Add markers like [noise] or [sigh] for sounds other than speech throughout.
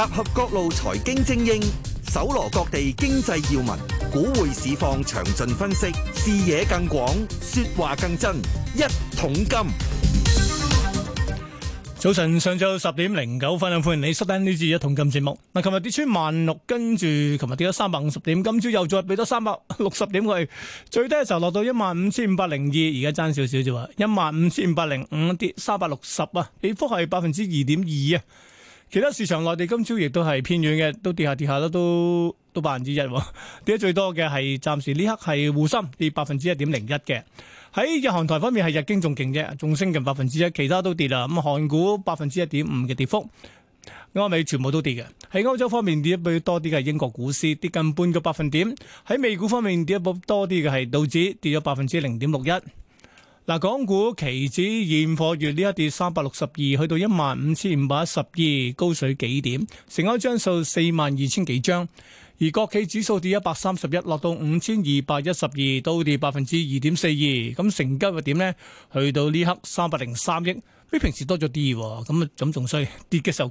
集合各路財經精英，搜羅各地經濟要聞，股匯市況詳盡分析，視野更廣，說話更真。一桶金，早晨，上晝十點零九分，歡迎你收聽呢節一桶金節目。嗱，琴日跌穿萬六，跟住琴日跌咗三百五十點，今朝又再俾多三百六十點，佢最低嘅時候落到一萬五千五百零二，而家爭少少啫嘛，一萬五千五百零五跌三百六十啊，跌幅係百分之二點二啊。其他市場，內地今朝亦都係偏軟嘅，都跌下跌下啦，都都百分之一，跌得最多嘅係暫時呢刻係滬深跌百分之一點零一嘅。喺日韓台方面係日經仲勁啫，仲升近百分之一，其他都跌啦。咁韓股百分之一點五嘅跌幅，歐美全部都跌嘅。喺歐洲方面跌一倍多啲嘅係英國股市跌近半個百分點。喺美股方面跌一倍多啲嘅係道指跌咗百分之零點六一。嗱，港股期指現貨月呢一跌三百六十二，去到一萬五千五百一十二，高水幾點？成交張數四萬二千幾張。而國企指數跌一百三十一，落到五千二百一十二，都跌百分之二點四二。咁成交又點呢？去到呢刻三百零三億，比平時多咗啲喎。咁啊，咁仲衰，跌嘅時候。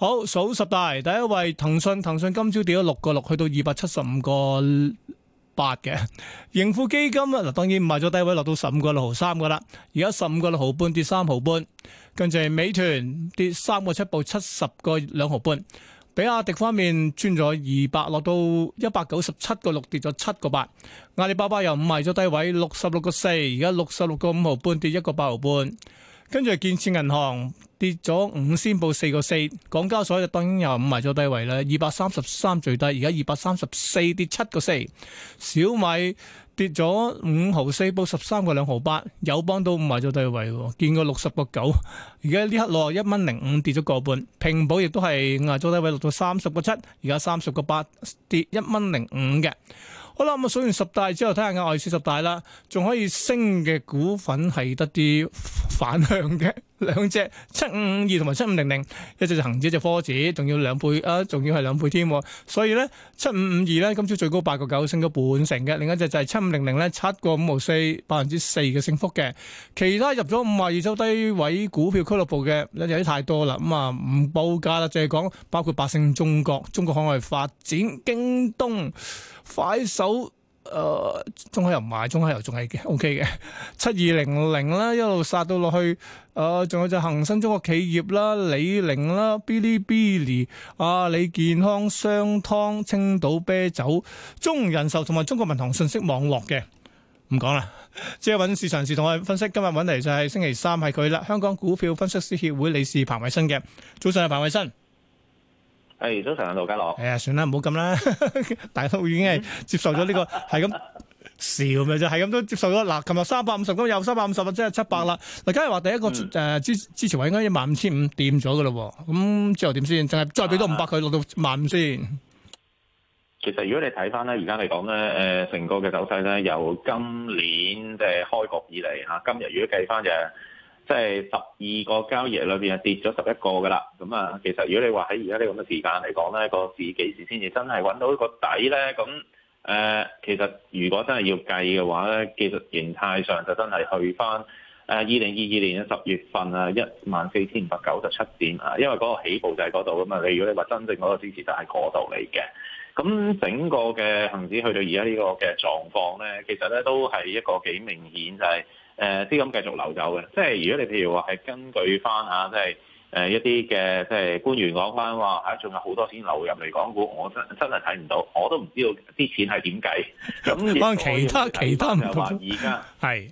好數十大第一位，騰訊騰訊今朝跌咗六個六，去到二百七十五個八嘅盈富基金啊，嗱當然唔賣咗低位，落到十五個六毫三噶啦，而家十五個六毫半跌三毫半。跟住美團跌三個七步七十個兩毫半，比亞迪方面穿咗二百，200，落到一百九十七個六，跌咗七個八。阿里巴巴又唔賣咗低位，六十六個四，而家六十六個五毫半跌一個八毫半。跟住建設銀行。跌咗五仙報四個四，港交所就當然又五埋咗低位啦，二百三十三最低，而家二百三十四跌七個四，小米跌咗五毫四報十三個兩毫八，友邦都五埋咗低位，見過六十個九，而家呢刻落一蚊零五跌咗個半，平保亦都係五埋咗低位落到三十個七，而家三十個八跌一蚊零五嘅。好啦，咁我數完十大之後，睇下外市十大啦，仲可以升嘅股份係得啲反向嘅兩隻七五五二同埋七五零零，一隻就恒指，一隻科指，仲要兩倍啊，仲要係兩倍添。所以咧，七五五二咧今朝最高八個九，升咗半成嘅。另一隻就係七五零零咧，七個五毫四，百分之四嘅升幅嘅。其他入咗五十二周低位股票俱樂部嘅，有啲太多啦。咁啊，唔報價啦，就係講包括百勝中國、中國海外發展、京東。快手，誒中海油唔賣，中海油仲係 O K 嘅，七二零零啦，一路殺到落去。誒仲有隻恆生中國企業啦，李寧啦，Bilibili、啊李健康，商湯，青島啤酒，中人壽同埋中國民航信息網絡嘅，唔講啦，即係揾市場時同我哋分析，今日揾嚟就係星期三係佢啦，香港股票分析師協會理事彭偉新嘅，早上係彭偉新。誒，早晨啊，羅家樂。誒，算啦，唔好咁啦，大家都已經係接受咗呢、這個，係咁笑咪就係咁都接受咗。嗱，琴日三百五十咁，又三百五十，即係七百啦。嗱，今日話第一個誒支、呃、支持位應該一萬五千五，掂咗噶啦。咁之後點先？淨係再俾多五百佢，落到萬五先。其實如果你睇翻咧，而家嚟講咧，誒、呃，成個嘅走勢咧，由今年即係開局以嚟吓、啊，今日如果計翻就。即係十二個交易裏邊啊，跌咗十一個㗎啦。咁啊，其實如果你話喺而家呢咁嘅時間嚟講咧，個市幾時先至真係揾到一個底咧？咁誒、呃，其實如果真係要計嘅話咧，其實形態上就真係去翻誒二零二二年嘅十月份啊，一萬四千五百九十七點啊，因為嗰個起步就係嗰度㗎嘛。你如果你話真正嗰個支持就係嗰度嚟嘅，咁整個嘅恆指去到而家呢個嘅狀況咧，其實咧都係一個幾明顯就係、是。誒資金繼續流走嘅，即係如果你譬如話係根據翻嚇，即係誒、呃、一啲嘅即係官員講翻話嚇，仲、哎、有好多錢流入嚟港股，我真真係睇唔到，我都唔知道啲錢係點計。咁講 [laughs] 其他其他唔同，而家係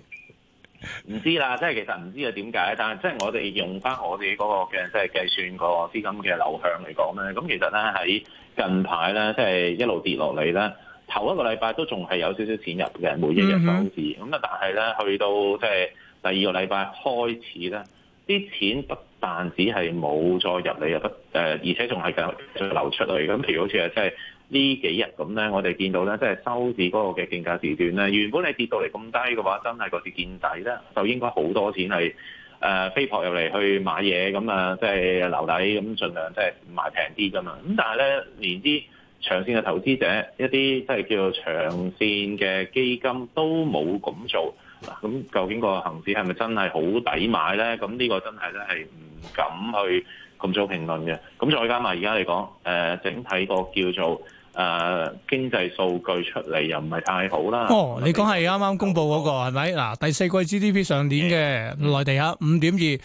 唔知啦，即係其實唔知啊點解，但係即係我哋用翻我哋嗰、那個嘅即係計算個資金嘅流向嚟講咧，咁其實咧喺近排咧，即係一路跌落嚟咧。頭一個禮拜都仲係有少少錢入嘅，每一日收市咁啊，但係咧去到即係第二個禮拜開始咧，啲錢不但止係冇再入嚟，又不誒、呃，而且仲係繼續流出嚟。咁譬如好似啊，即係呢幾日咁咧，我哋見到咧，即係收市嗰個嘅競價時段咧，原本你跌到嚟咁低嘅話，真係嗰次見底咧，就應該好多錢係誒、呃、飛撲入嚟去買嘢，咁啊即係留底咁，盡量即係賣平啲㗎嘛。咁但係咧，連啲長線嘅投資者，一啲即係叫做長線嘅基金都冇咁做，咁究竟個恆指係咪真係好抵買咧？咁呢個真係咧係唔敢去咁早評論嘅。咁再加埋而家嚟講，誒、呃、整體個叫做。誒、啊、經濟數據出嚟又唔係太好啦。哦，你講係啱啱公布嗰、那個係咪？嗱、嗯啊，第四季 GDP 上年嘅內地嚇五點二，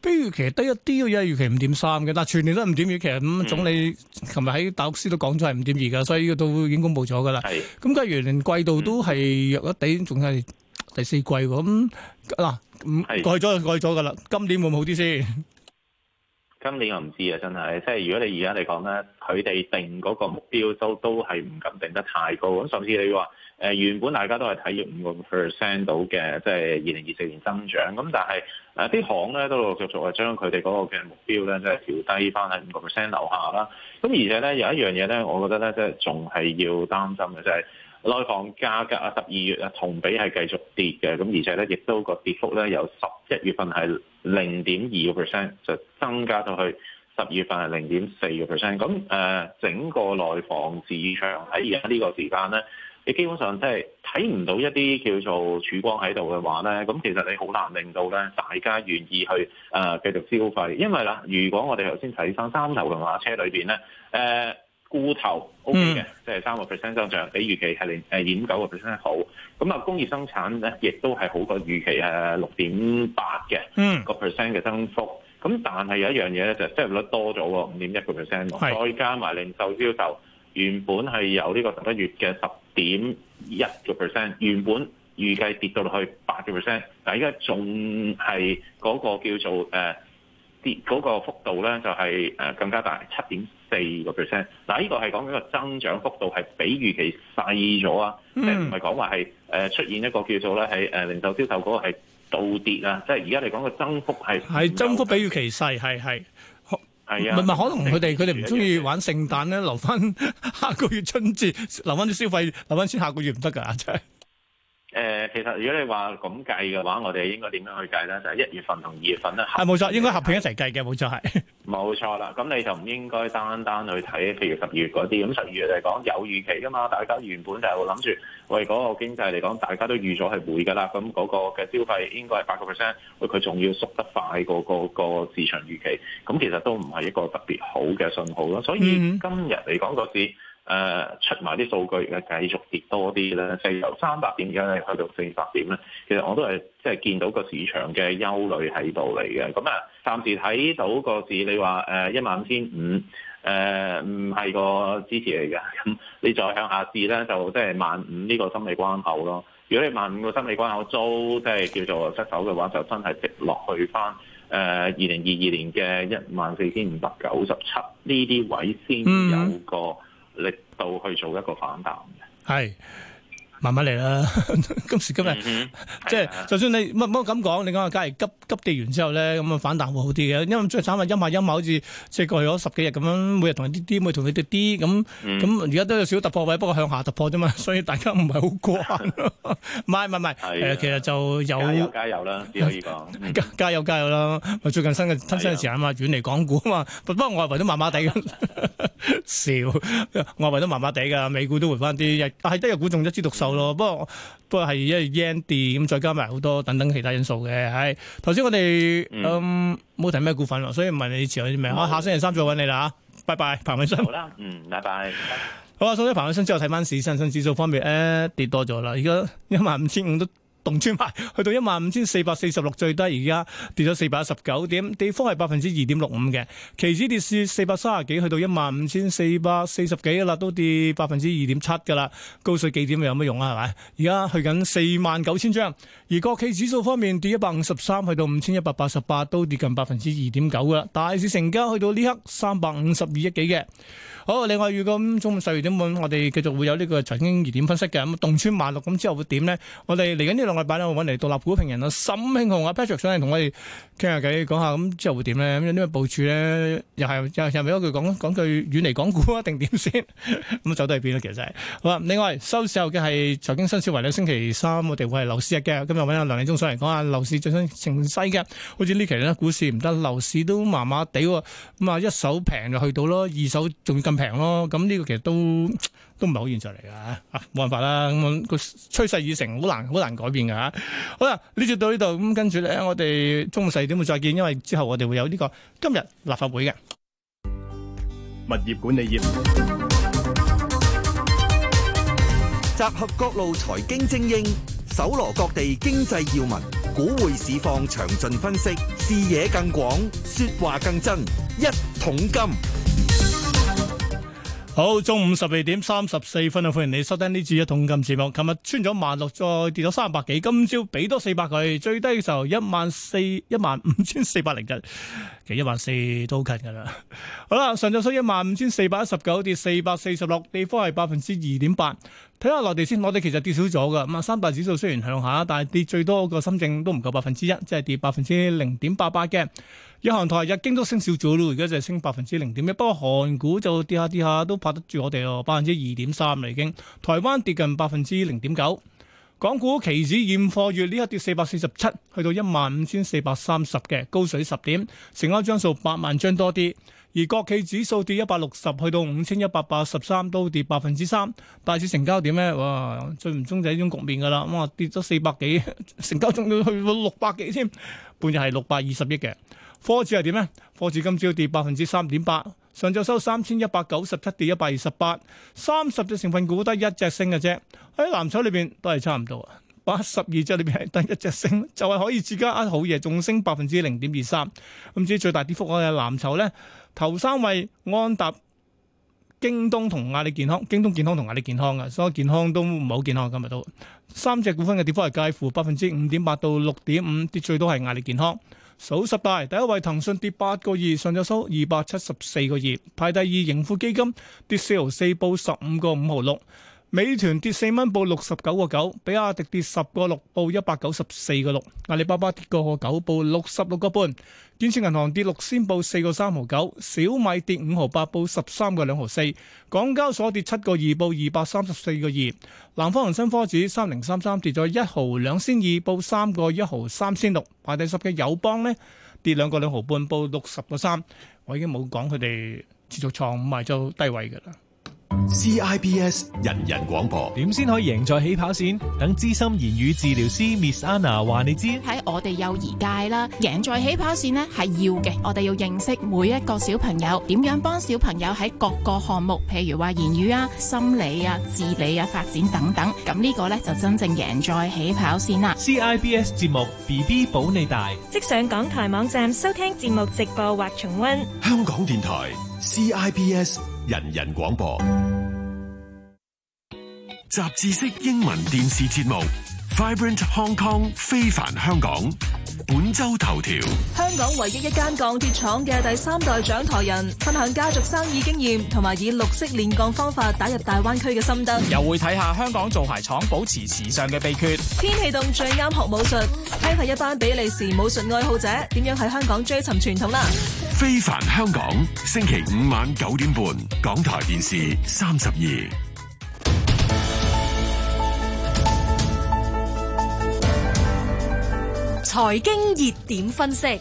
比預期低一啲嘅，因為預期五點三嘅，但全年都係五點二，其實咁、嗯嗯、總理琴日喺達沃斯都講咗係五點二嘅，所以都已經公布咗㗎啦。係是，咁假如季度都係弱一啲，仲係第四季喎。咁、嗯、嗱，啊嗯、是改咗就改咗㗎啦。今年會唔會好啲先？今年我唔知啊，真係，即係如果你而家嚟講咧，佢哋定嗰個目標都都係唔敢定得太高，咁甚至你話誒、呃、原本大家都係睇住五個 percent 到嘅，即係二零二四年增長，咁但係啊啲行咧都陸陸續續係將佢哋嗰個嘅目標咧，即係調低返喺五個 percent 樓下啦。咁而且咧有一樣嘢咧，我覺得咧即係仲係要擔心嘅就係。即內房價格啊，十二月啊同比係繼續跌嘅，咁而且咧亦都個跌幅咧由十一月份係零點二個 percent，就增加到去十二月份係零點四個 percent。咁誒、呃、整個內房市場喺而家呢個時間咧，你基本上即係睇唔到一啲叫做曙光喺度嘅話咧，咁其實你好難令到咧大家願意去誒、呃、繼續消費，因為啦，如果我哋頭先睇翻三頭嘅馬車裏邊咧，誒、呃。固投 OK 嘅，即係三個 percent 增長，比預期係零誒點九個 percent 好。咁啊，工業生產咧，亦都係好過預期誒六點八嘅個 percent 嘅增幅。咁但係有一樣嘢咧，就失、是、業率多咗喎，五點一個 percent，再加埋零售銷售，原本係有呢個十一月嘅十點一個 percent，原本預計跌到落去八個 percent，但係依家仲係嗰個叫做誒。Uh, 嗰個幅度咧就係誒更加大，七點四個 percent。嗱，呢個係講緊個增長幅度係比預期細咗啊，並唔係講話係誒出現一個叫做咧係誒零售銷售嗰個係倒跌啊，即係而家嚟講個增幅係係增幅比預期細，係係係啊，唔係可能佢哋佢哋唔中意玩聖誕咧，留翻下個月春節留翻啲消費，留翻先下個月唔得㗎，真係。誒、呃，其實如果你話咁計嘅話，我哋應該點樣去計呢？就係、是、一月份同二月份咧。係冇錯，併應該合併一齊計嘅，冇錯係。冇 [laughs] 錯啦，咁你就唔應該單單去睇，譬如十二月嗰啲。咁十二月嚟講有預期㗎嘛？大家原本就係諗住，喂嗰個經濟嚟講，大家都預咗係會㗎啦。咁嗰個嘅消費應該係八個 percent，佢仲要縮得快過、那個、那個市場預期。咁其實都唔係一個特別好嘅信號咯。所以今日嚟講個市。Mm hmm. 誒出埋啲數據嘅，繼續跌多啲咧，四，就是、由三百點而家去到四百點咧，其實我都係即係見到個市場嘅憂慮喺度嚟嘅。咁啊，暫時睇到個市，你話誒一萬五千五誒唔係個支持嚟嘅。咁你再向下跌咧，就即係萬五呢個心理關口咯。如果你萬五個心理關口租，即、就、係、是、叫做失守嘅話，就真係跌落去返誒二零二二年嘅一萬四千五百九十七呢啲位先有個。嗯力度去做一個反彈嘅。係。慢慢嚟啦，今時今日即係，就算你唔好咁講，你講啊，假如急急跌完之後咧，咁啊反彈會好啲嘅，因為最近啊陰啊陰啊好似即係過去咗十幾日咁樣，每日同你跌啲，每日同你跌啲，咁咁而家都有少突破位，不過向下突破啫嘛，所以大家唔係好慣。唔係唔係，係其實就有加油加油啦，可以講加油加油啦。最近新嘅新嘅時間嘛，遠離港股啊嘛，不過外圍都麻麻地，笑外圍都麻麻地㗎，美股都回翻啲，係得有股中一枝獨秀。咯，不過不過係因為 yen 跌，咁再加埋好多等等其他因素嘅，係頭先我哋嗯冇、呃、提咩股份咯，所以唔問你持有啲咩，我、嗯、下星期三再揾你啦吓，拜拜，彭永森、嗯、好啦，嗯，拜拜，拜拜好啊，收咗彭永森之後睇翻市，恒生指數方面誒、呃、跌多咗啦，而家一萬五千五都。動穿埋，去到一萬五千四百四十六最低，而家跌咗四百一十九點，地方係百分之二點六五嘅，期指跌市四百三十幾，去到一萬五千四百四十幾啦，都跌百分之二點七噶啦，高水幾點有乜用啊？係咪？而家去緊四萬九千張，而國企指數方面跌一百五十三，去到五千一百八十八，都跌近百分之二點九噶啦。大市成交去到呢刻三百五十二億幾嘅。好，另外如果中午十二點半，我哋繼續會有呢個財經熱點分析嘅，動穿萬六咁之後會點呢？我哋嚟緊呢度。我擺啦，我揾嚟獨立股評人啊，沈慶雄啊，Patrick 上嚟同我哋傾下偈，講下咁之後會點咧？咁呢個部署咧，又係又係咪嗰句講講句遠離港股啊，定點先？咁走都係邊啊？其實係好啦。另外收市後嘅係財經新思維咧，星期三我哋會係樓市日嘅，今日揾阿梁利忠上嚟講下樓市最新形勢嘅。好似呢期咧，股市唔得，樓市都麻麻地喎。咁啊，一手平就去到咯，二手仲要咁平咯。咁呢個其實都。都唔係好現實嚟噶吓，冇、啊、辦法啦。咁、那個趨勢已成，好難好難改變噶、啊。好啦，呢節到呢度，咁跟住咧，我哋中午四點會再見。因為之後我哋會有呢、這個今日立法會嘅物業管理業，集合各路財經精英，搜羅各地經濟要聞，股匯市況詳盡分析，視野更廣，說話更真，一桶金。好，中午十二點三十四分啊，歡迎你收聽呢次一桶金節目。琴日穿咗萬六，再跌咗三百幾，今朝俾多四百佢，最低嘅時候一萬四一萬五千四百零一，其實一萬四都好近噶啦。好啦，上晝收一萬五千四百一十九，跌四百四十六，跌幅係百分之二點八。睇下內地先，我地其實跌少咗噶。咁啊，三大指數雖然向下，但係跌最多個深證都唔夠百分之一，即係跌百分之零點八八嘅。日韓台，日經都升少咗咯，而家就係升百分之零點一。不過韓股就跌下跌下都拍得住我哋咯，百分之二點三啦已經。台灣跌近百分之零點九，港股期指現貨月呢一刻跌四百四十七，去到一萬五千四百三十嘅高水十點，成交張數八萬張多啲。而國企指數跌一百六十，去到五千一百八十三，都跌百分之三。大市成交點呢？哇，最唔中意就係呢種局面㗎喇。咁啊跌咗四百幾， [laughs] 成交仲要去到六百幾添，半日係六百二十億嘅。科指係點呢？科指今朝跌百分之三點八，上晝收三千一百九十七，跌一百二十八，三十隻成分股得一隻升只一隻升嘅啫。喺藍籌裏邊都係差唔多，八十二隻裏邊係得一隻升，就係可以自家一好嘢，仲升百分之零點二三。咁至於最大跌幅我嘅藍籌呢，頭三位安踏、京東同阿里健康，京東健康同阿里健康嘅，所以健康都唔係好健康，今日都三隻股份嘅跌幅係介乎百分之五點八到六點五，跌最多係阿里健康。數十大第一位，騰訊跌八個二，上咗收二百七十四個二。排第二，盈富基金跌四毫四，報十五個五毫六。美團跌四蚊，報六十九個九，比亞迪跌十個六，報一百九十四個六，阿里巴巴跌個九，報六十六個半，建設銀行跌六仙，報四個三毫九，小米跌五毫八，報十三個兩毫四，港交所跌七個二，報二百三十四個二，南方恒生科指三零三三跌咗一毫兩仙二，報三個一毫三仙六，排第十嘅友邦呢，跌兩個兩毫半，報六十個三，我已經冇講佢哋持續創五日就低位噶啦。CIBS 人人廣播，點先可以贏在起跑線？等資深言語治療師 Miss Anna 話你知，喺我哋幼兒界啦，贏在起跑線呢係要嘅。我哋要認識每一個小朋友，點樣幫小朋友喺各個項目，譬如話言語啊、心理啊、自理啊發展等等。咁呢個呢，就真正贏在起跑線啦。CIBS 節目 BB 保你大，即上港台網站收聽節目直播或重溫。香港電台 CIBS 人人廣播。雜誌式英文電視節目 Vibrant Hong Kong 非凡香港本周頭條：香港唯一一間鋼鐵廠嘅第三代掌舵人分享家族生意經驗，同埋以綠色煉鋼方法打入大灣區嘅心得。又會睇下香港做鞋廠保持時尚嘅秘訣。天氣凍最啱學武術，睇下一班比利時武術愛好者點樣喺香港追尋傳統啦。非凡香港星期五晚九點半，港台電視三十二。財經熱點分析，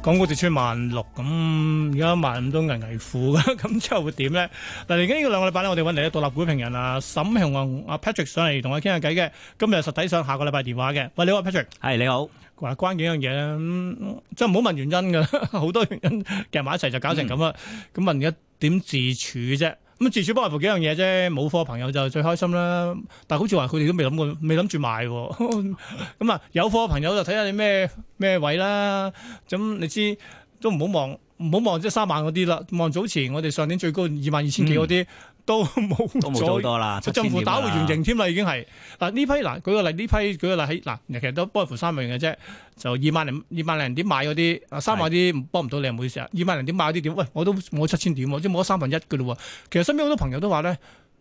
港股跌穿萬六，咁而家萬五都危危乎嘅，咁之後會點咧？嗱，嚟緊呢個兩個禮拜咧，我哋揾嚟一個獨立股評人啊，沈雄宏、啊、阿 Patrick 上嚟同我傾下偈嘅。今日實體上下個禮拜電話嘅。喂，你好 Patrick，係你好。嗱，關鍵一樣嘢咧，就唔好問原因嘅，好多原因夾埋一齊就搞成咁啦。咁、嗯、問而家點自處啫？咁至少幫埋佢幾樣嘢啫。冇貨嘅朋友就最開心啦，但係好似話佢哋都未諗過，未諗住買喎。咁啊，有貨嘅朋友就睇下你咩咩位啦。咁你知都唔好望唔好望，即係三萬嗰啲啦，望早前我哋上年最高二萬二千幾嗰啲。嗯都冇都再，佢政府打回原形添啦，已經係嗱呢批嗱、啊、舉個例呢批舉個例喺嗱、啊，其實都幫唔到三萬嘅啫，就二萬零二萬零點買嗰啲，三萬啲幫唔到你，係唔好意思啊，二萬零點買嗰啲點？喂，我都冇七千點喎，即係冇咗三分一嘅咯喎。其實身邊好多朋友都話咧。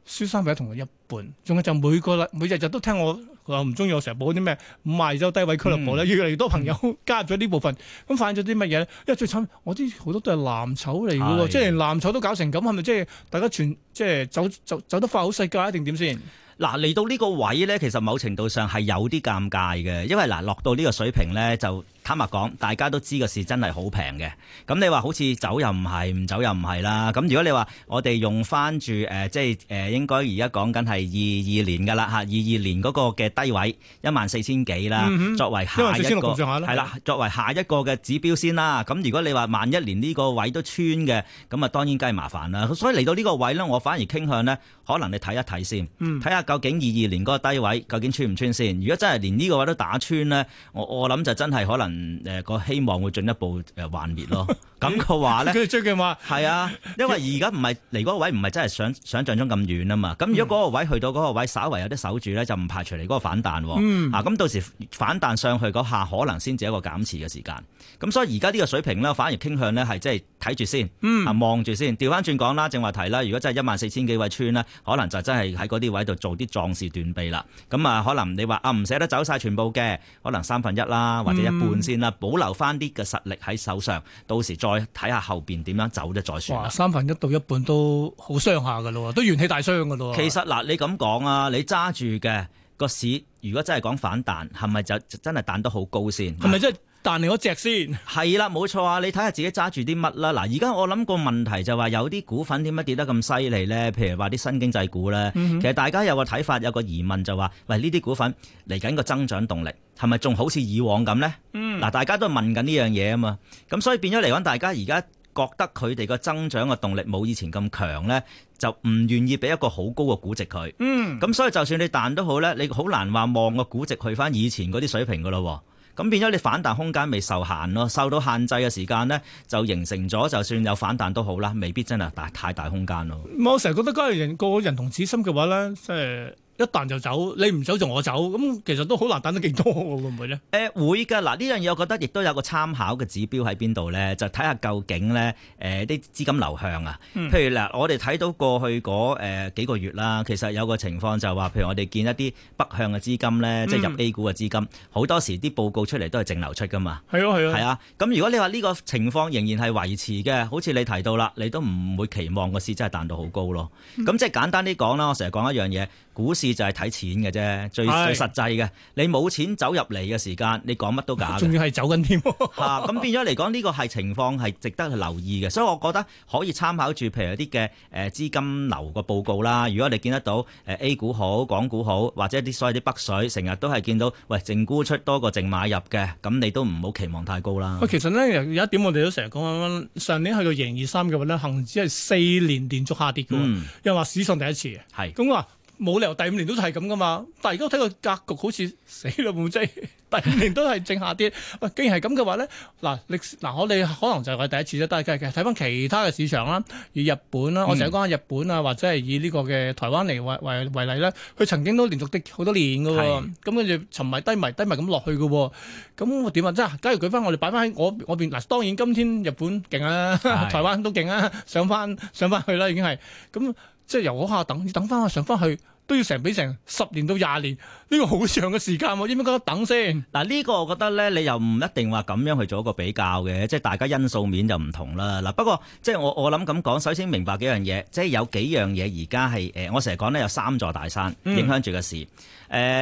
輸三倍同佢一半，仲有就每個禮每日日都聽我話唔中意，我成日播啲咩賣走低位俱樂部咧，嗯、越嚟越多朋友呵呵加入咗呢部分，咁發現咗啲乜嘢咧？因為最慘，我啲好多都係藍籌嚟嘅喎，是即係連藍籌都搞成咁，係咪即係大家全即係走走走得快好世界定點先？嗱，嚟到呢個位咧，其實某程度上係有啲尷尬嘅，因為嗱落到呢個水平咧就。坦白講，大家都知個市真係好平嘅。咁你話好似走又唔係，唔走又唔係啦。咁如果你話我哋用翻住誒，即係誒、呃，應該而家講緊係二二年噶啦嚇，二二年嗰個嘅低位一萬四千幾啦，作為下一個係、嗯、啦，作為下一個嘅指標先啦。咁如果你話萬一連呢個位都穿嘅，咁啊當然梗係麻煩啦。所以嚟到呢個位咧，我反而傾向咧，可能你睇一睇先，睇下究竟二二年嗰個低位究竟穿唔穿先。如果真係連呢個位都打穿咧，我我諗就真係可能。嗯，誒個希望會進一步誒幻滅咯。咁嘅 [laughs] 話咧，佢最近話係啊， [laughs] 因為而家唔係嚟嗰個位，唔係真係想想像中咁遠啊嘛。咁如果嗰個位去到嗰個位，稍為有啲守住咧，就唔排除嚟嗰個反彈。嗯。 [laughs] 啊，咁到時反彈上去嗰下，可能先至一個減持嘅時間。咁所以而家呢個水平咧，反而傾向咧係即係睇住先，啊，望住先。調翻轉講啦，正話提啦。如果真係一萬四千幾位穿咧，可能就真係喺嗰啲位度做啲壯士斷臂啦。咁啊，可能你話啊唔捨得走晒全部嘅，可能三分一啦，或者一半。 [laughs] [laughs] 保留翻啲嘅實力喺手上，到時再睇下後邊點樣走咧，再算。哇！三分一到一半都好傷下噶咯，都元氣大傷噶咯。其實嗱，你咁講啊，你揸住嘅。個市如果真係講反彈，係咪就真係彈得好高先？係咪真係彈你嗰隻先？係啦，冇錯啊！你睇下自己揸住啲乜啦。嗱，而家我諗個問題就話，有啲股份點解跌得咁犀利呢？譬如話啲新經濟股呢，其實大家有個睇法，有個疑問就話，喂，呢啲股份嚟緊個增長動力係咪仲好似以往咁呢？嗯，嗱，大家都問緊呢樣嘢啊嘛，咁所以變咗嚟講，大家而家。覺得佢哋個增長嘅動力冇以前咁強呢，就唔願意俾一個好高嘅估值佢。嗯，咁所以就算你彈都好呢，你好難話望個估值去返以前嗰啲水平噶咯。咁變咗你反彈空間未受限咯，受到限制嘅時間呢，就形成咗，就算有反彈都好啦，未必真係大太大空間咯。嗯、我成日覺得嗰個人個人同紙心嘅話呢，即係。一旦就走，你唔走就我走，咁其實都好難等得幾多嘅，呢會唔會咧？誒會㗎，嗱呢樣嘢，我覺得亦都有個參考嘅指標喺邊度咧，就睇下究竟咧誒啲資金流向啊。嗯、譬如嗱，我哋睇到過去嗰誒、呃、幾個月啦，其實有個情況就話，譬如我哋見一啲北向嘅資金咧，嗯、即係入 A 股嘅資金，好多時啲報告出嚟都係淨流出㗎嘛。係啊係啊。係啊，咁、啊啊、如果你話呢個情況仍然係維持嘅，好似你提到啦，你都唔會期望個市真係彈到好高咯。咁、嗯嗯、即係簡單啲講啦，我成日講一樣嘢。嗯股市就係睇錢嘅啫，最，是最實際嘅。你冇錢走入嚟嘅時間，你講乜都假。仲要係走緊添。嚇、 [laughs] 啊，咁變咗嚟講，呢、這個係情況係值得去留意嘅。所以我覺得可以參考住，譬如啲嘅誒資金流嘅報告啦。如果你見得到誒 A 股好、港股好，或者啲所謂啲北水成日都係見到，喂淨沽出多過淨買入嘅，咁你都唔好期望太高啦。喂，其實咧有一點，我哋都成日講緊，上年去到盈二三嘅話咧，恆指係四年連續下跌嘅，又話、嗯、史上第一次。係的。咁話是。冇理由第五年都係咁噶嘛？但係而家睇個格局好似死啦冇啫，第五年都係淨下跌。喂，既然係咁嘅話咧，嗱，歷嗱，我哋可能就係我第一次啫。但係其實睇翻其他嘅市場啦，以日本啦，嗯、我成日講下日本啊，或者係以呢個嘅台灣嚟為為為例咧，佢曾經都連續跌好多年噶喎。咁跟住沉迷低迷低迷咁落去噶喎。咁點啊？即係假如舉翻我哋擺翻喺我我邊嗱，當然今天日本勁啦、啊，是台灣都勁啊，上翻上翻去啦，已經係咁。即係由我下等，你等翻我上翻去都要成比成十年到廿年。呢個好長嘅時間喎，應該等先。嗱，呢個我覺得呢，你又唔一定話咁樣去做一個比較嘅，即係大家因素面就唔同啦。嗱，不過即係我我諗咁講，首先明白幾樣嘢，即係有幾樣嘢而家係誒，我成日講呢，有三座大山影響住嘅事。誒，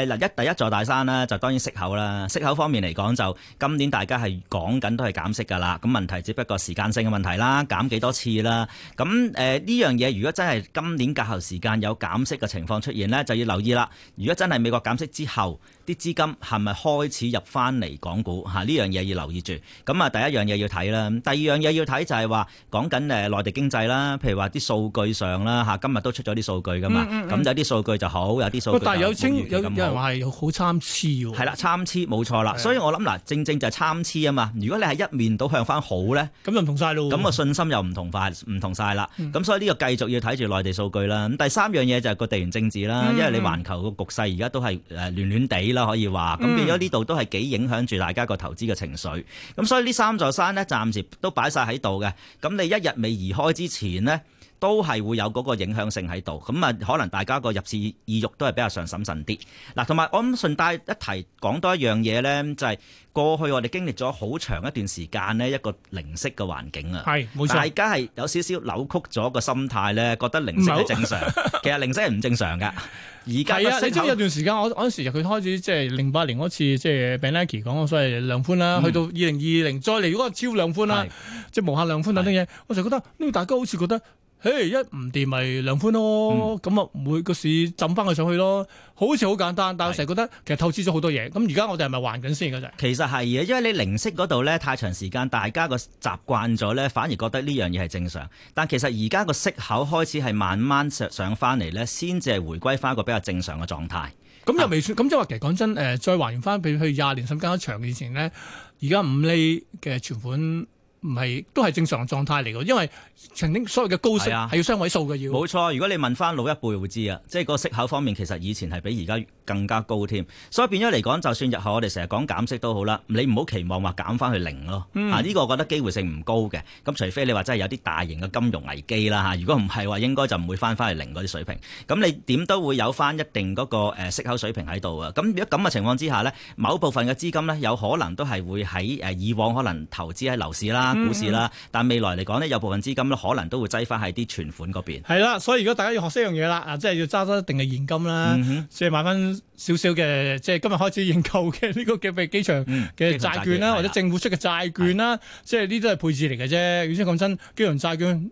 嗱一第一座大山呢，就當然息口啦，息口方面嚟講就今年大家係講緊都係減息㗎啦，咁問題只不過時間性嘅問題啦，減幾多次啦。咁誒呢樣嘢，呃、如果真係今年隔後時間有減息嘅情況出現呢，就要留意啦。如果真係美國減之後啲資金係咪開始入翻嚟港股吓？呢、啊、樣嘢要留意住。咁啊，第一樣嘢要睇啦。第二樣嘢要睇就係話講緊誒內地經濟啦，譬如話啲數據上啦吓、啊，今日都出咗啲數據噶嘛。咁、嗯嗯、有啲數據就好，有啲數據但係有清有人話係好參差,、啊啊、差。係啦，參差冇錯啦。所以我諗嗱、啊，正正就係參差啊嘛。如果你係一面倒向翻好咧，咁、嗯嗯、就唔同晒咯。咁個信心又唔同晒，唔同晒啦。咁、嗯嗯、所以呢個繼續要睇住內地數據啦。咁第三樣嘢就係個地緣政治啦，因為你環、嗯、球個局勢而家都係。誒亂亂地啦，可以話咁變咗呢度都係幾影響住大家個投資嘅情緒，咁、嗯、所以呢三座山呢，暫時都擺晒喺度嘅，咁你一日未移開之前呢，都係會有嗰個影響性喺度，咁啊，可能大家個入市意欲都係比較上審慎啲。嗱，同埋我諗順帶一提講多一樣嘢咧，就係、是、過去我哋經歷咗好長一段時間呢一個零息嘅環境啊，係冇錯，大家係有少少扭曲咗個心態咧，覺得零息好正常。其實零息係唔正常噶，而家啊，你知有段時間我嗰陣時就佢開始即係零八年嗰次即係、就是、Bernanke 講嘅所謂量寬啦，去到二零二零再嚟嗰個超量寬啦，即係是無限量寬等等嘢，是是我就覺得呢，大家好似覺得。嘿，hey, 一唔掂咪量寬咯，咁啊每個市浸翻佢上去咯，好似好簡單，但係成日覺得其實透支咗好多嘢。咁而家我哋係咪還緊先嘅？其實係啊，因為你零息嗰度咧太長時間，大家個習慣咗咧，反而覺得呢樣嘢係正常。但其實而家個息口開始係慢慢上上翻嚟咧，先至係回歸翻一個比較正常嘅狀態。咁、嗯啊、又未算，咁即係話其實講真誒，再還翻比去廿年甚至更加長以前咧，而家五厘嘅存款，唔係都係正常狀態嚟嘅，因為曾經所謂嘅高息係要雙位數嘅，要冇錯。如果你問翻老一輩會知啊，即係個息口方面其實以前係比而家更加高添，所以變咗嚟講，就算日後我哋成日講減息都好啦，你唔好期望話減翻去零咯。嗯、啊，呢、這個我覺得機會性唔高嘅。咁除非你話真係有啲大型嘅金融危機啦嚇、啊，如果唔係話，應該就唔會翻翻去零嗰啲水平。咁你點都會有翻一定嗰個息口水平喺度啊。咁如果咁嘅情況之下呢，某部分嘅資金呢，有可能都係會喺誒以往可能投資喺樓市啦。嗯、股市啦，但未來嚟講咧，有部分資金咧，可能都會擠翻喺啲存款嗰邊。係啦，所以如果大家要學識一樣嘢啦，啊，即係要揸多一定嘅現金啦、嗯哼，即係買翻少少嘅，即係今日開始認購嘅呢個嘅機場嘅債券啦，嗯、券或者政府出嘅債券啦，即係呢啲都係配置嚟嘅啫。原先講真，機場債券。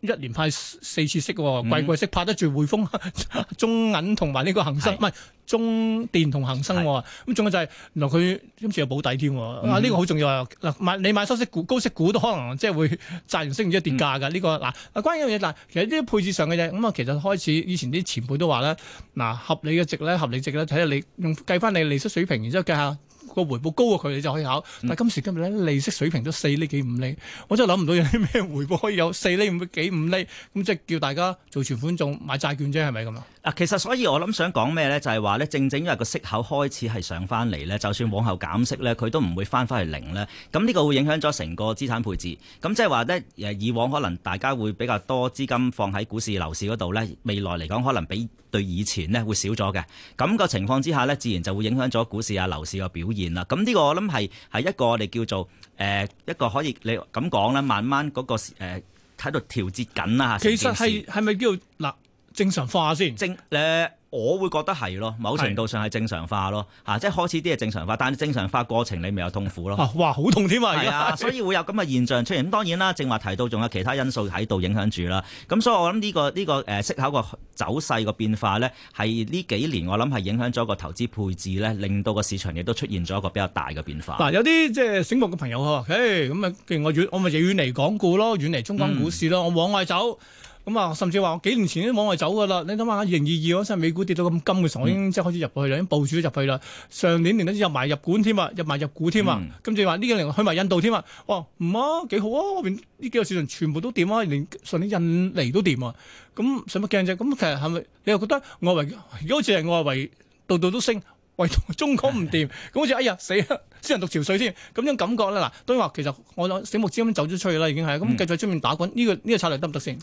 一年派四次息喎、哦，季季息拍得住匯豐 [laughs] 中銀同埋呢個恒生唔係是中電同恒生咁、哦，仲是有就係原來佢今次有保底添、嗯、啊，呢、這個好重要嗱。買你買收息股高息股都可能即係會賺完升咗跌價噶呢個嗱。啊，關於樣嘢嗱，其實呢啲配置上嘅嘢咁啊，其實開始以前啲前輩都話咧嗱，合理嘅值咧，合理值咧，睇下你用計翻你利息水平，然之後計下。個回報高過佢，你就可以考。但係今時今日咧，利息水平都四厘幾五厘，我真係諗唔到有啲咩回報可以有四厘幾五厘，咁即係叫大家做存款仲買債券啫，係咪咁啊？啊，其實所以我諗想講咩呢？就係話呢，正正因為個息口開始係上翻嚟呢，就算往後減息呢，佢都唔會翻翻去零呢。咁呢個會影響咗成個資產配置。咁即係話呢，以往可能大家會比較多資金放喺股市、樓市嗰度呢，未來嚟講，可能比對以前呢會少咗嘅。咁個情況之下呢，自然就會影響咗股市啊、樓市個表現啦。咁呢個我諗係係一個我哋叫做誒、呃、一個可以你咁講呢，慢慢嗰、嗰個喺度、呃、調節緊啦。其實係咪叫嗱？正常化先，正、呃、誒，我會覺得係咯，某程度上係正常化咯，吓是，即係開始啲係正常化，但係正常化過程你咪有痛苦咯。哇，好痛添啊，啊！所以會有咁嘅現象出現。咁當然啦，正話提到仲有其他因素喺度影響住啦。咁所以我諗呢、這個呢、這個誒，息口個走勢個變化咧，係呢幾年我諗係影響咗個投資配置咧，令到個市場亦都出現咗一個比較大嘅變化。嗱，有啲即係醒目嘅朋友嗬，咁啊，我遠我咪遠離港股咯，遠離中港股市咯，嗯、我往外走。咁啊，甚至話我幾年前都往外走噶啦。你諗下二零二二嗰陣，美股跌到咁金嘅時候，我已經即係開始入去啦，已經部署咗入去啦。上年年都入埋入管添、嗯哦嗯、啊，入埋入股添啊。跟住話呢個連去埋印度添啊。哇，唔啊幾好啊，這邊呢幾個市場全部都掂啊，連上年印尼都掂啊。咁使乜驚啫？咁、嗯、其實係咪你又覺得外圍如果好似係外圍度度都升，唯獨中國唔掂咁，好似哎呀死啦，先人讀潮水添咁樣感覺咧嗱？當然話其實我醒目之咁走咗出去啦，已經係咁繼續出面打滾呢、呢個呢、呢個策略得唔得先？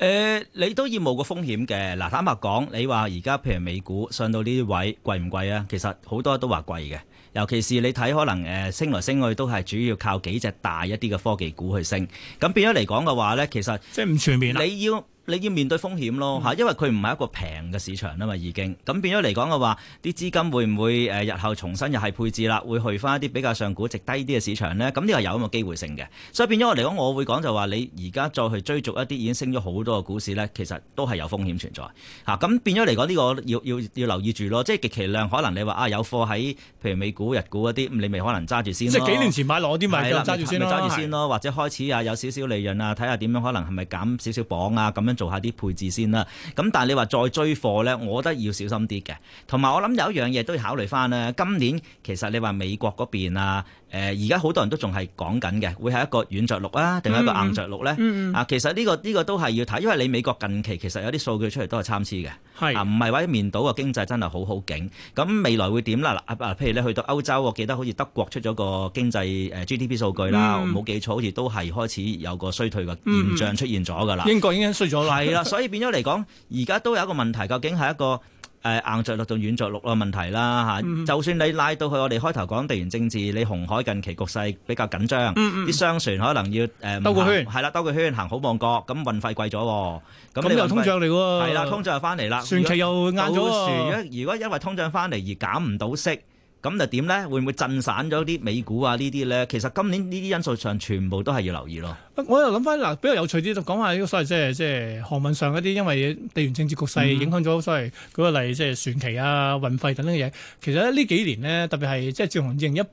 誒、呃，你都要冒個風險嘅。嗱，坦白講，你話而家譬如美股上到呢啲位貴唔貴啊？其實好多都話貴嘅，尤其是你睇可能誒升來升去都係主要靠幾隻大一啲嘅科技股去升。咁變咗嚟講嘅話呢，其實即係唔全面。你要。你要面對風險咯嚇，因為佢唔係一個平嘅市場啊嘛，已經咁變咗嚟講嘅話，啲資金會唔會誒日後重新又係配置啦，會去返一啲比較上估值低啲嘅市場咧？咁呢個有咁嘅機會性嘅，所以變咗我嚟講，我會講就話你而家再去追逐一啲已經升咗好多嘅股市咧，其實都係有風險存在嚇。咁變咗嚟講，呢個要要要留意住咯，即係極其量可能你話啊有貨喺譬如美股、日股嗰啲，你咪可能揸住先咯，即係幾年前買落啲咪就揸住先咯，或者開始啊有少，少少利潤啊，睇下點樣可能係咪減少少磅啊咁樣。做下啲配置先啦，咁但係你話再追貨呢，我覺得要小心啲嘅。同埋我諗有一樣嘢都要考慮翻啦。今年其實你話美國嗰邊啊。誒而家好多人都仲係講緊嘅，會係一個軟着陸啊，定係一個硬着陸咧？嗯嗯、啊，其實呢、呢個呢、呢個都係要睇，因為你美國近期其實有啲數據出嚟都係參差嘅，是啊唔係話一面倒啊經濟真係好好景，咁未來會點啦？嗱、啊、譬如你去到歐洲，我記得好似德國出咗個經濟誒 GDP 數據啦，冇、嗯、記錯，好似都係開始有個衰退嘅現象出現咗㗎啦。英國已經衰咗啦。係啦，所以變咗嚟講，而家 [laughs] 都有一個問題，究竟係一個？誒硬着陸到軟着陸嘅問題啦嚇，嗯嗯就算你拉到去，我哋開頭講地緣政治，你紅海近期局勢比較緊張，啲、嗯嗯、商船可能要誒兜個圈，係啦，兜個圈行好望角，咁運費貴咗，咁又通脹嚟喎，係啦，通脹又翻嚟啦，船期又硬咗、啊、船，如果因為通脹翻嚟而減唔到息。咁就點呢？會唔會震散咗啲美股啊？呢啲呢？其實今年呢啲因素上，全部都係要留意咯、啊。我又諗翻嗱，比較有趣啲、就是，就講下呢個所謂即係即係航運上嗰啲，因為地緣政治局勢影響咗、嗯、所謂嗰、嗰個例，即係船期啊、運費等等嘅嘢。其實呢幾年呢，特別係即係戰雲正一。就是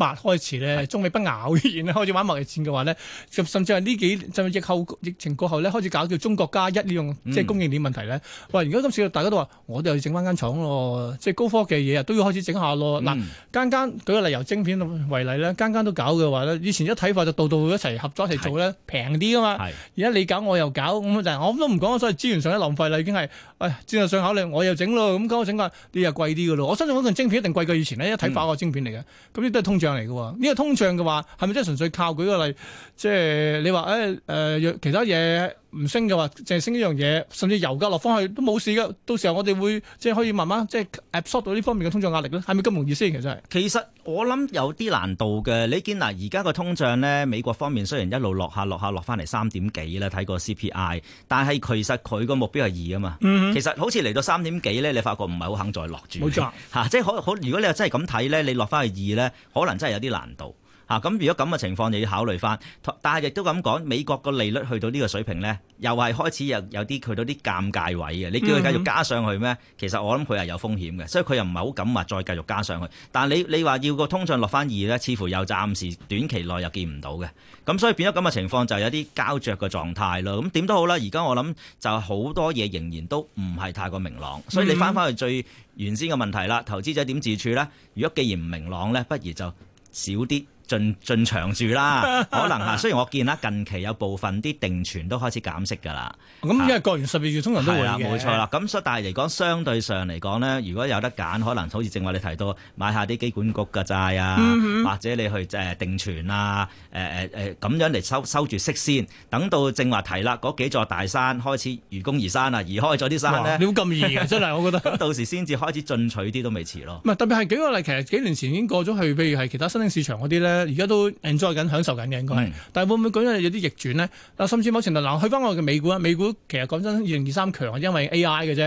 八開始咧，是中美不咬然啦，開始玩貿易戰嘅話咧，甚甚至係呢幾就疫後疫情過後咧，開始搞叫中國加一呢種即係供應鏈問題咧。喂，如果今次大家都話，我哋又要整翻間廠咯，即係高科技嘢啊，都要開始整下咯。嗱、嗯，間間舉個例如晶片為例咧，間間都搞嘅話咧，以前一睇法就度度一齊合作是一齊做咧，平啲噶嘛。而家是你搞我又搞，咁就我都唔講，所以資源上一浪費啦，已經係。誒，戰略上考慮，我又整咯，咁我整下，啲又貴啲嘅咯。我相信嗰個晶片一定貴過以前咧，一體化個晶片嚟嘅，咁啲、嗯、都係通脹嚟嘅。呢個通脹嘅話，係咪真係純粹靠舉個例？即係你話誒誒，其他嘢。唔升嘅話，淨係升一樣嘢，甚至油價落翻去都冇事㗎。到時候我哋會即係可以慢慢即係 absorb 到呢方面嘅通脹壓力咧，係咪咁容易先？其實係，其實我諗有啲難度嘅。你見嗱，而家個通脹咧，美國方面雖然一路落下落下落翻嚟三點幾啦，睇個 CPI，但係其實佢個目標係二啊嘛。嗯嗯，其實好似嚟到三點幾咧，你發覺唔係好肯再落住。冇錯，嚇、啊，即係可可。如果你又真係咁睇咧，你落翻去二咧，可能真係有啲難度。嚇咁、啊，如果咁嘅情況，就要考慮翻。但係亦都咁講，美國個利率去到呢個水平呢，又係開始又有啲去到啲尷尬位嘅。你叫佢繼續加上去咩？其實我諗佢係有風險嘅，所以佢又唔係好敢話再繼續加上去。但係你你話要個通脹落翻二呢，似乎又暫時短期內又見唔到嘅。咁所以變咗咁嘅情況，就有啲膠着嘅狀態咯。咁點都好啦，而家我諗就好多嘢仍然都唔係太過明朗。所以你翻翻去最原先嘅問題啦，投資者點自處呢？如果既然唔明朗呢，不如就少啲。進、進場住啦，可能嚇。 [laughs] 雖然我見啦，近期有部分啲定存都開始減息㗎啦。咁因為過完十二月通常都會啦。冇、啊、錯啦。咁所以但係嚟講，相對上嚟講咧，如果有得揀，可能好似正話你提到買下啲機管局嘅債啊，嗯嗯、或者你去誒定存啊，誒誒誒咁樣嚟收收住息先，等到正話提啦，嗰幾座大山開始愚公移山啊，移開咗啲山咧、哦。你咁易啊， [laughs] 真係我覺得。 [laughs] 到時先至開始進取啲都未遲咯。唔特別係幾個例，其實幾年前已經過咗去，譬如係其他新興市場嗰啲咧。而家都 enjoy 緊，享受緊嘅應該係，但會唔會講有啲逆轉呢？嗱，甚至某程度嗱，去翻我嘅美股啊，美股其實講真，二零二三強係因為 AI 嘅啫，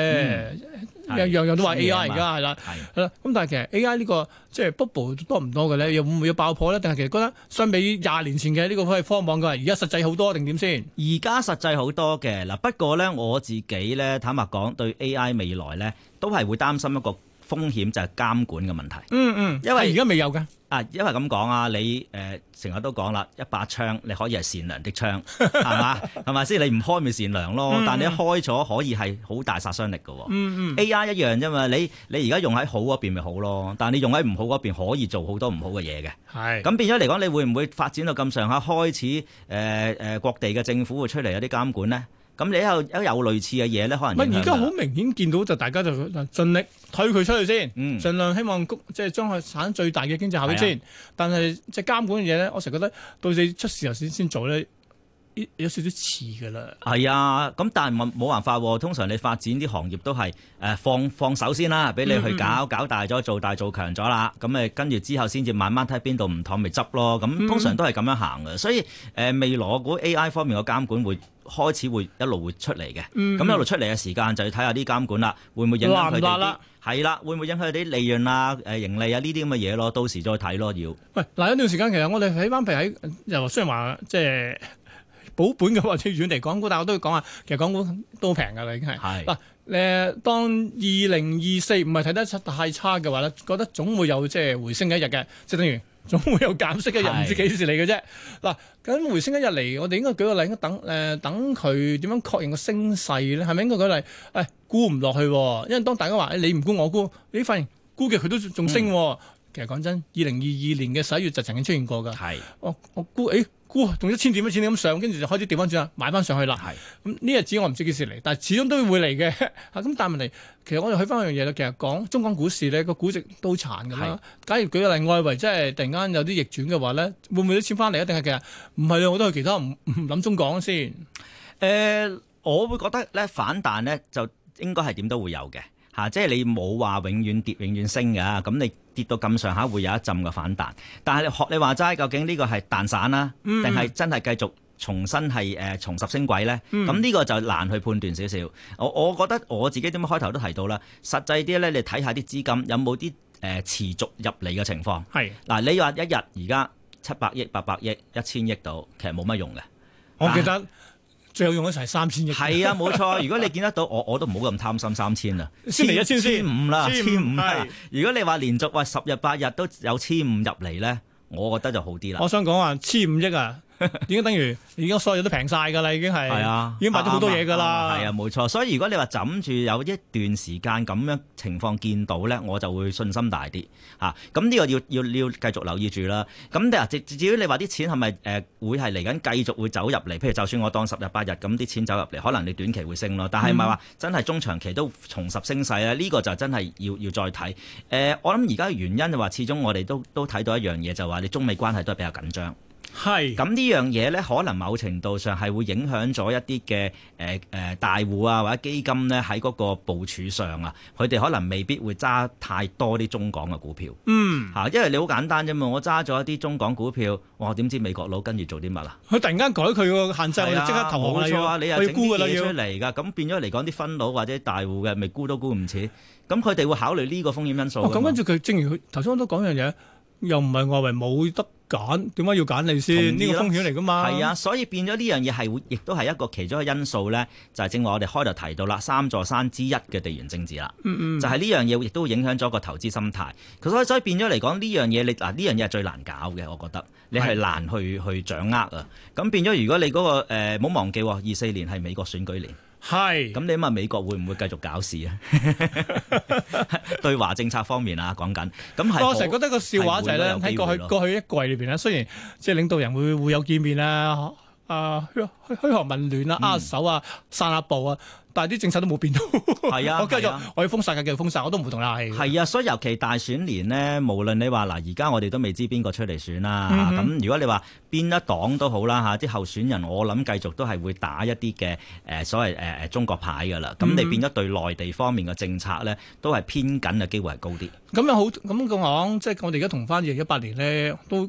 樣、嗯、樣都話 AI 而家係啦，咁但係其實 AI、呢個即係、多多呢個即係 bubble 多唔多嘅咧？又會唔會爆破咧？定係其實覺得相比廿年前嘅呢個科網嘅話，而家實際好多定點先？而家實際好多嘅嗱，不過咧我自己咧坦白講，對 AI 未來咧都係會擔心一個。風險就係監管嘅問題。嗯嗯，嗯因為而家未有㗎。啊，因為咁講啊，你誒成日都講啦，一把槍你可以係善良的槍，係嘛？ [laughs] 係咪先？你唔開咪善良咯，嗯、但你開咗可以係好大殺傷力嘅、嗯。嗯嗯。A R 一樣啫嘛，你你而家用喺好嗰邊咪好咯，但你用喺唔好嗰邊可以做好多唔好嘅嘢嘅。係是。咁變咗嚟講，你會唔會發展到咁上下開始？誒、呃、誒，各、呃、地嘅政府會出嚟有啲監管咧？咁你又後有類似嘅嘢咧，可能唔係而家好明顯見到，就大家就盡力推佢出去先，嗯、盡量希望即係將佢產生最大嘅經濟效益先。是的 但係即係監管嘅嘢咧，我成日覺得到你出事後先先做咧。有少少似噶啦，係啊。咁但係冇冇辦法喎。通常你發展啲行業都係誒、呃、放放手先啦、啊，俾你去搞嗯嗯嗯搞大咗，做大做強咗啦。咁誒跟住之後先至慢慢睇邊度唔妥，咪執咯。咁通常都係咁樣行嘅。所以誒，未來我估 A.I. 方面嘅監管會開始會一路會出嚟嘅。咁、嗯嗯、一路出嚟嘅時間就要睇下啲監管啦，會唔會影響佢哋啲係啦？會唔會影響佢哋啲利潤啊、誒盈利啊呢啲咁嘅嘢咯？到時再睇咯。要喂嗱，一段時間其實我哋喺翻譬如喺又雖然話即係。保本嘅或者遠離港股，但我都會講下。其實港股都平㗎啦，已經係。係嗱是，誒當二零二四唔係睇得出太差嘅話咧，覺得總會有即係回升嘅一日嘅，即係等於總會有減息嘅日，唔是知幾時嚟嘅啫。嗱，咁回升一日嚟，我哋應該舉個例，應該等誒、呃、等佢點樣確認個升勢咧，係咪應該舉例？誒、哎、沽唔落去、啊，因為當大家話你唔沽我沽，你發現沽極佢都仲升、啊。嗯其實講真，二零二二年嘅十一月就曾經出現過㗎。係我是、哦、我估，誒、欸、估，仲一千點一千點咁上，跟住就開始調翻轉，買翻上去啦。係咁呢日子，我唔知幾時嚟，但係始終都會嚟嘅。咁， [laughs] 但係問題，其實我哋去翻一樣嘢咯。其實講中港股市咧，個估值都好慘㗎嘛。是假如舉例外圍即係突然間有啲逆轉嘅話咧，會唔會都錢翻嚟？一定係其實唔係。我覺得係其他，唔唔諗中港先。誒、呃，我會覺得咧反彈咧，就應該係點都會有嘅。嚇、啊！即係你冇話永遠跌、永遠升㗎。咁你跌到咁上下，會有一陣嘅反彈。但係你學你話齋，究竟呢個係彈散啦、啊，定係、嗯、真係繼續重新係誒、呃、重拾升軌呢？咁呢、嗯、個就難去判斷少少。我我覺得我自己點樣開頭都提到啦。實際啲呢，你睇下啲資金有冇啲誒持續入嚟嘅情況。係嗱是、啊，你話一日而家七百億、八百億、一千億度，其實冇乜用嘅。啊、我記得。最後用一齊三千億，係啊，冇錯。如果你見得到我，我都唔好咁貪心三千啦，千千,千,千五啦，千五。千五是如果你話連續話十日八日都有千五入嚟咧，我覺得就好啲啦。我想講話千五億啊！ [laughs] 已經等於而家所有都平晒噶啦，已經係係啊，已經買咗好多嘢噶啦，係 [laughs] 啊，冇錯。所以如果你話枕住有一段時間咁樣情況見到咧，我就會信心大啲吓。咁呢個要要要繼續留意住啦。咁你話至於你話啲錢係咪誒會係嚟緊繼續會走入嚟？譬如就算我當十日八日，咁啲錢走入嚟，可能你短期會升咯。但係咪係話真係中長期都重拾升勢咧？呢、這個就真係要要再睇誒、呃。我諗而家原因就話，始終我哋都都睇到一樣嘢，就話你中美關係都係比較緊張。係咁呢樣嘢咧，可能某程度上係會影響咗一啲嘅誒誒大戶啊，或者基金咧喺嗰個部署上啊，佢哋可能未必會揸太多啲中港嘅股票。嗯，嚇，因為你好簡單啫嘛，我揸咗一啲中港股票，我點知美國佬跟住做啲乜啊？佢突然間改佢個限制，啊、我即刻投降啦。冇錯、啊，你又沽噶啦，要嚟㗎。咁變咗嚟講，啲分佬或者大戶嘅，咪沽都沽唔切。咁佢哋會考慮呢個風險因素。咁、哦、跟住佢，正如佢頭先我都講樣嘢。又唔係外圍冇得揀，點解要揀你先？呢個風險嚟噶嘛？係啊，所以變咗呢樣嘢係會，亦都係一個其中嘅因素咧。就係正話我哋開頭提到啦，三座山之一嘅地緣政治啦，嗯嗯就係呢樣嘢，亦都影響咗個投資心態。所以所以變咗嚟講，呢樣嘢你嗱，呢樣嘢係最難搞嘅，我覺得你係難去的去掌握啊。咁變咗，如果你嗰、嗰個誒，冇、呃、忘記，二四年係美國選舉年。係，咁是你諗下美國會唔會繼續搞事啊？ [laughs] 對華政策方面啊，講緊，咁係我成日覺得個笑話就係咧，喺過去過去一季裏邊咧，雖然即係領導人會會有見面啊、啊虛虛寒問暖啊、握手啊、嗯、散下步啊。但係啲政策都冇變到，係啊。 [laughs] 我繼續我要封殺嘅繼續封殺，我都唔同你客氣。係啊，所以尤其大選年呢，無論你話嗱，而家我哋都未知邊個出嚟選啦。咁、嗯、哼如果你話邊一黨都好啦吓，啲候選人我諗繼續都係會打一啲嘅誒所謂誒、呃、中國牌嘅啦。咁你變咗對內地方面嘅政策咧，都係偏緊嘅機會係高啲。咁又、嗯、哼好咁講，即、那、係、個就是、我哋而家同翻二零一八年咧，都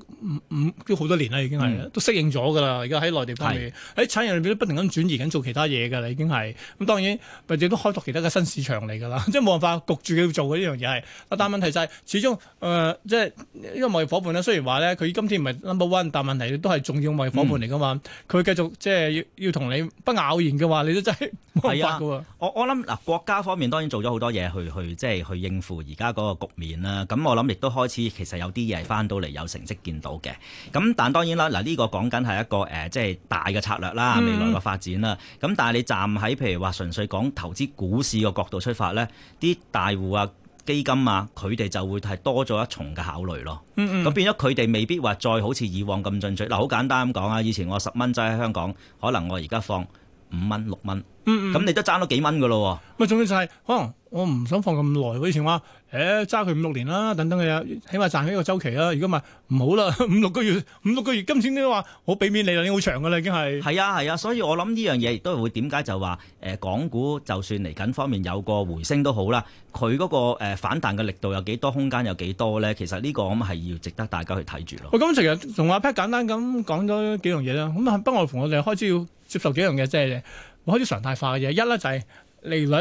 都好多年啦，已經係、嗯、都適應咗噶啦。而家喺內地方面，喺是產業裏邊都不停咁轉移緊做其他嘢噶啦，已經係當然，咪亦都開拓其他嘅新市場嚟㗎啦，即係冇辦法焗住要做嘅、mm. 呃就是、呢樣嘢係。但問題就係，始終誒，即係因為貿易夥伴咧，雖然話咧，佢今天唔係 number one，但問題都係重要貿易夥伴嚟㗎嘛。佢繼續即係、就是、要要同你不咬然嘅話，你都真係冇啊。法、嗯、我我諗嗱、呃，國家方面當然做咗好多嘢去去即係去，去，去應付而家嗰個局面啦。咁、呃、我諗亦都開始其實有啲嘢翻到嚟有成績見到嘅。咁但當然啦，嗱、呃、呢、這個講緊係一個誒，即、呃、係、就是、大嘅策略啦，未來嘅發展啦。咁但係你站喺譬如話。純粹講投資股市個角度出發呢啲大戶啊、基金啊，佢哋就會係多咗一重嘅考慮咯。嗯嗯、mm，咁、hmm. 變咗佢哋未必話再好似以往咁進取。嗱，好簡單咁講啊，以前我十蚊仔喺香港，可能我而家放。五蚊六蚊、嗯，嗯嗯，咁你都爭咗幾蚊嘅咯喎？咪仲要就係、是、可能我唔想放咁耐，佢以前話，誒揸佢五六年啦，等等嘅，起碼賺一個周期啦。如果唔係唔好啦，五六個月，五六個月，今次都話好俾面你啦，已經好長嘅啦，已經係。係啊係啊，所以我諗呢樣嘢亦都係會點解就話誒、呃、港股就算嚟緊方面有個回升都好啦，佢嗰個反彈嘅力度有幾多，空間有幾多咧？其實呢個咁係要值得大家去睇住咯。我今日成日同阿 Pat 簡單咁講咗幾樣嘢啦，咁不外乎我哋開始。要。接受幾樣嘢，即係開始常態化嘅嘢。一咧就係、是、利率，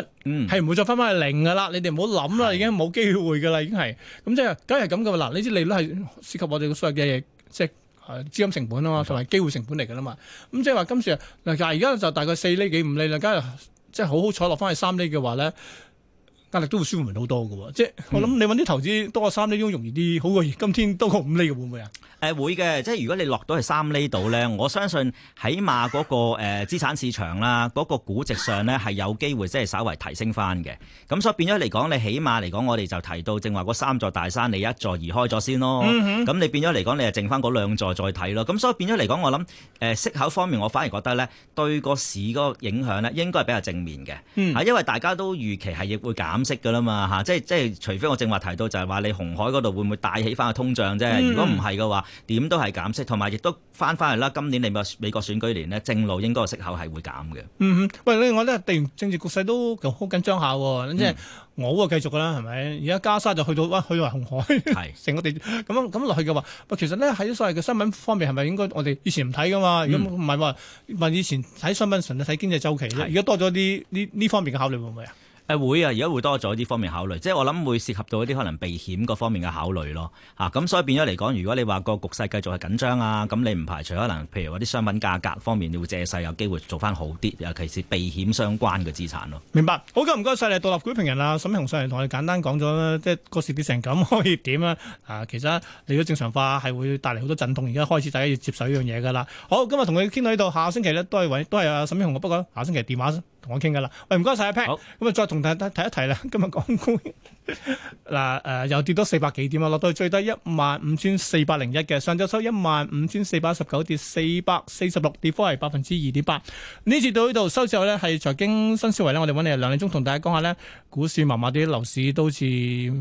係唔會再翻翻去零噶啦。嗯、你哋唔好諗啦，已經冇機會噶啦，已經係。咁即係梗係咁噶嘛。嗱，呢啲利率係涉及我哋所有嘅，即係資金成本啊嘛，同埋機會成本嚟噶啦嘛。咁即係話今次嗱，而家就大概四厘幾五厘啦，梗係即係好好彩落翻去三厘嘅話咧。壓力都會舒緩好多嘅喎，即係我諗你揾啲投資多三釐，都容易啲，嗯、好過今天多個五釐嘅會唔會啊？誒、呃、會嘅，即係如果你落到係三釐度咧， [laughs] 我相信起碼嗰、那個誒、呃、資產市場啦，嗰個估值上咧係有機會即係稍微提升翻嘅。咁所以變咗嚟講，你起碼嚟講，我哋就提到正話嗰三座大山，你一座移開咗先咯。咁、嗯嗯、你變咗嚟講，你係剩翻嗰兩座再睇咯。咁所以變咗嚟講，我諗誒息口方面，我反而覺得咧，對個市嗰個影響咧，應該係比較正面嘅。嚇，嗯、因為大家都預期係亦會減。息噶啦嘛吓，即係即係，除非我正話提到就係話你紅海嗰度會唔會帶起翻個通脹啫？嗯、如果唔係嘅話，點都係減息，同埋亦都翻翻嚟啦。今年你咪美國選舉年呢，正路應該個息口係會減嘅。嗯嗯，喂，另外呢，地緣政治局勢都好緊張下，即係、嗯、我啊繼續噶啦，係咪？而家加沙就去到哇，去到紅海，係成是個地咁咁落去嘅話，喂，其實咧喺所謂嘅新聞方面，係咪應該我哋以前唔睇噶嘛？如果唔係話，以前睇新聞純粹睇經濟周期啫，而家是多咗啲呢呢方面嘅考慮會唔會啊？誒，會啊！而家會多咗啲方面考慮，即係我諗會涉及到一啲可能避險嗰方面嘅考慮咯。吓、啊，咁所以變咗嚟講，如果你話個局勢繼續係緊張啊，咁你唔排除可能，譬如話啲商品價格方面，你會借勢有機會做翻好啲，尤其是避險相關嘅資產咯。明白，好嘅，唔該晒你，獨立股評人啊，沈銘雄上嚟同我哋簡單講咗，即係個市變成咁可以點啊？啊，其實利率正常化係會帶嚟好多震動，而家開始大家要接受呢樣嘢噶啦。好，今日同佢傾到呢度，下個星期呢都係，都係啊，沈銘雄，不過下星期電話。同我傾噶啦，喂，唔該晒阿 Pat，咁啊，再同大家睇一睇啦。今日港股嗱誒，又跌到多四百幾點啊，落到去最低一萬五千四百零一嘅。上周收一萬五千四百十九，跌四百四十六，跌幅係百分之二點八。呢次到呢度收市之後呢，係財經新思維咧。我哋揾阿梁利忠同大家講下呢，股市麻麻地，樓市都似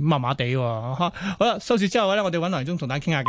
麻麻地。好啦，收市之後咧，我哋揾梁利忠同大家傾下嘅。